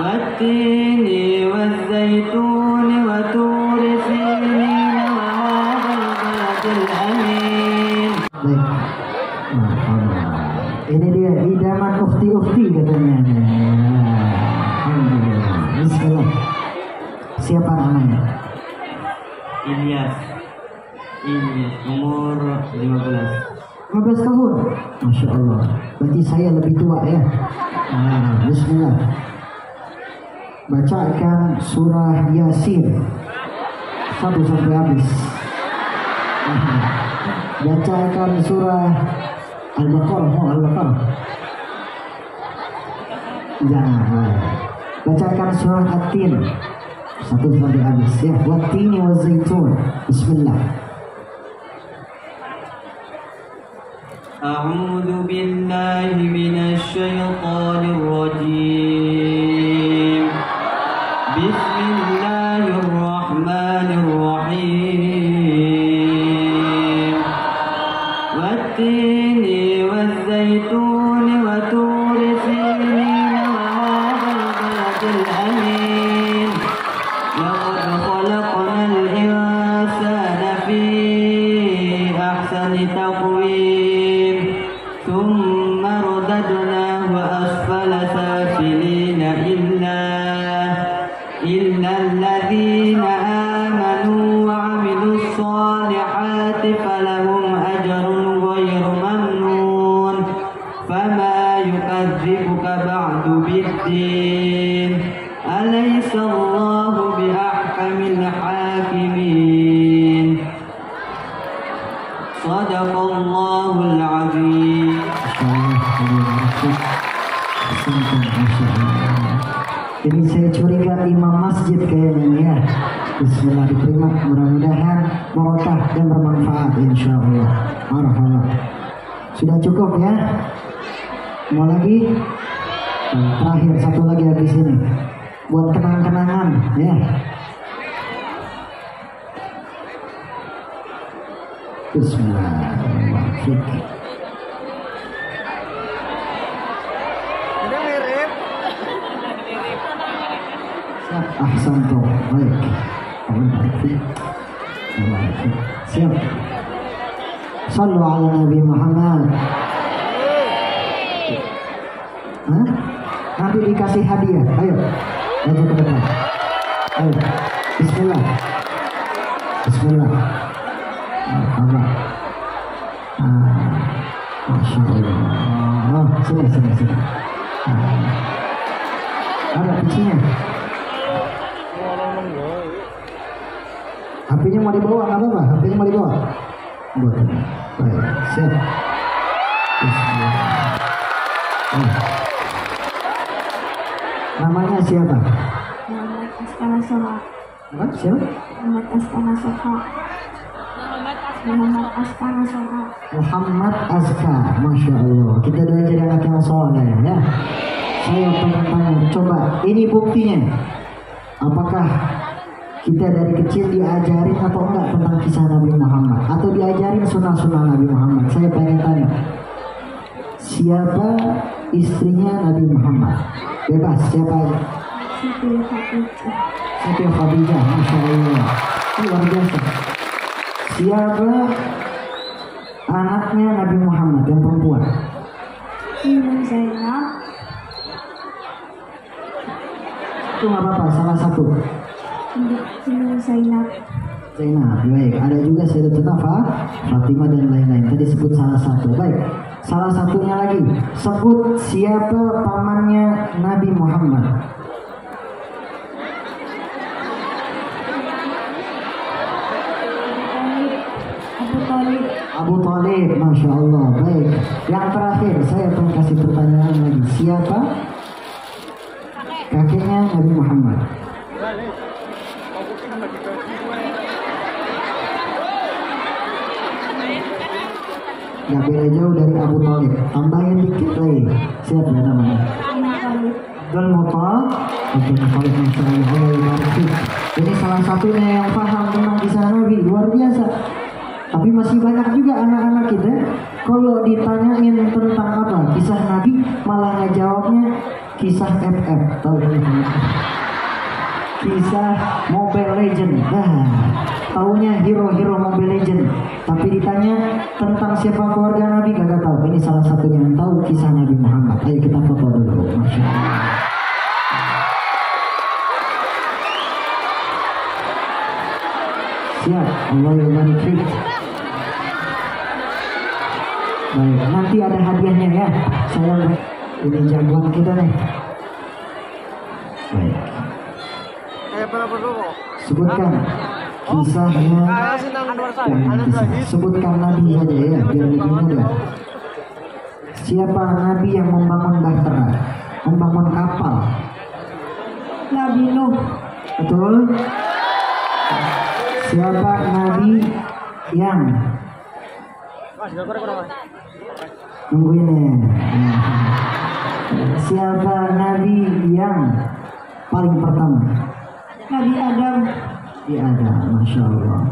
والتين والزيتون وتور سينين وهذا البلد الأمين Ini dia idaman ukti-ukti katanya. Bismillah. Siapa namanya? Ilyas. Ilyas umur 15. 15 tahun. Masya Allah. Berarti saya lebih tua ya. Ah, bismillah bacakan surah Yasin satu sampai habis. Bacakan surah Al-Baqarah, oh, Al-Baqarah. Jangan. Ya, bacakan surah atin satu sampai habis ya. Watini wa zaitun. Bismillah. أعوذ بالله من الشيطان الرجيم وزيتون وتور سينين وهذا البلد الأمين لقد خلقنا الإنسان في أحسن تقويم ثم الدين أليس الله بأحكم الحاكمين صدق الله العظيم ini saya curiga imam masjid kayaknya ya Bismillah diterima mudah-mudahan merotah dan bermanfaat insya Allah Marhalah sudah cukup ya mau lagi Nah, terakhir satu lagi habis ini buat kenang-kenangan ya. Bismillahirrahmanirrahim. Ahsanto, baik. Siap. Sallu ala Nabi Muhammad. nanti dikasih hadiah. Ayo, maju ke depan. Ayo, Bismillah. Bismillah. Allah. Ah, Masya Allah. Oh, ah, sini, sini, sini. Ah. Ada kucingnya. hp mau dibawa, nggak apa-apa. hp mau dibawa. Buat Baik, siap. Bismillah. Oh. Namanya siapa? Muhammad Astana Soha. Apa? Siapa? Muhammad Astana Soha. Muhammad Astana Muhammad Aska, masya Allah. Kita dah jadi anak yang soleh ya? ya. Saya pengen tanya, coba ini buktinya. Apakah kita dari kecil diajarin atau enggak tentang kisah Nabi Muhammad atau diajarin sunnah-sunnah Nabi Muhammad saya pengen tanya siapa istrinya Nabi Muhammad Bebas siapa aja? Siti Khadijah. Siti Khadijah, masya Allah. Luar biasa. Siapa anaknya Nabi Muhammad yang perempuan? Ibu Zainab. Itu gak apa-apa, salah satu. Ibu iya, Zainab. Zainab, baik. Ada juga tetap Fatimah dan lain-lain. Tadi sebut salah satu. Baik. Salah satunya lagi, sebut siapa pamannya Nabi Muhammad. Abu Talib, Masya Allah. Baik, yang terakhir saya akan kasih pertanyaan lagi. Siapa kakeknya Nabi Muhammad? yang beda jauh dari Abu Talib Tambahin dikit lagi Siap ya namanya Dan Mutal yang Muttalib Ini salah satunya yang paham tentang kisah Nabi Luar biasa tapi masih banyak juga anak-anak kita ya. kalau ditanyain tentang apa kisah Nabi malah ngejawabnya kisah FF tahu bisa Mobile Legend. Nah, taunya hero-hero Mobile Legend. Tapi ditanya tentang siapa keluarga Nabi kagak tahu. Ini salah satu yang tahu kisah Nabi Muhammad. Ayo kita foto dulu. Masya Allah. Siap, Allah yang Baik, nanti ada hadiahnya ya. Saya ini jagoan kita nih. Baik. Sebutkan kisahnya yang sebutkan Nabi saja ya biar lebih mudah. Siapa Nabi yang membangun bahtera, membangun kapal? Nabi Nuh. Betul. Siapa Nabi yang Nungguin ya. Siapa Nabi yang paling pertama? Nabi Adam. Nabi Adam, masya Allah.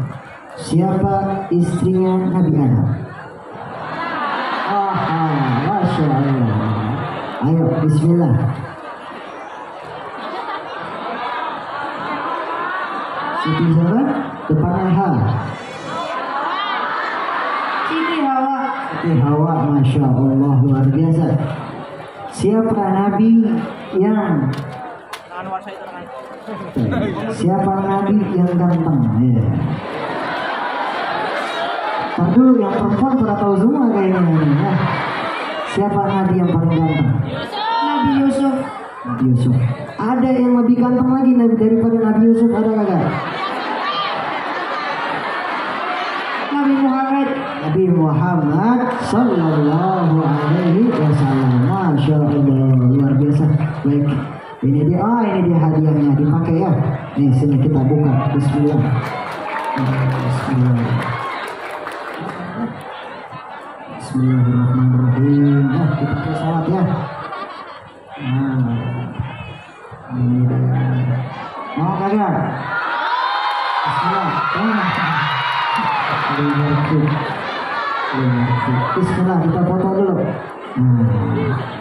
Siapa istrinya Nabi Adam? Aha, masya Allah. Ayo, Bismillah. Siti siapa? Depannya H. Siti Hawa. Siti Hawa, masya Allah luar biasa. Siapa Nabi yang Siapa nabi yang ganteng? Tentu Ntar yang perempuan sudah tahu semua kayaknya. Ya. Siapa nabi yang paling ganteng? Nabi Yusuf. Nabi Yusuf. Ada yang lebih ganteng lagi nabi daripada Nabi Yusuf ada kagak? Nabi Muhammad. Nabi Muhammad Sallallahu Alaihi Wasallam. Masya Allah luar biasa. Baik. Ini dia, oh ini dia hadiahnya dipakai ya. Nih sini kita buka. Bismillah. Bismillahirrahmanirrahim. Nah, kita ke salat ya. Nah, ini dia. Mau kagak? Bismillah. Bismillah. Bismillah. Bismillah. Kita foto dulu. Nah.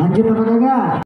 Lanjut teman-teman.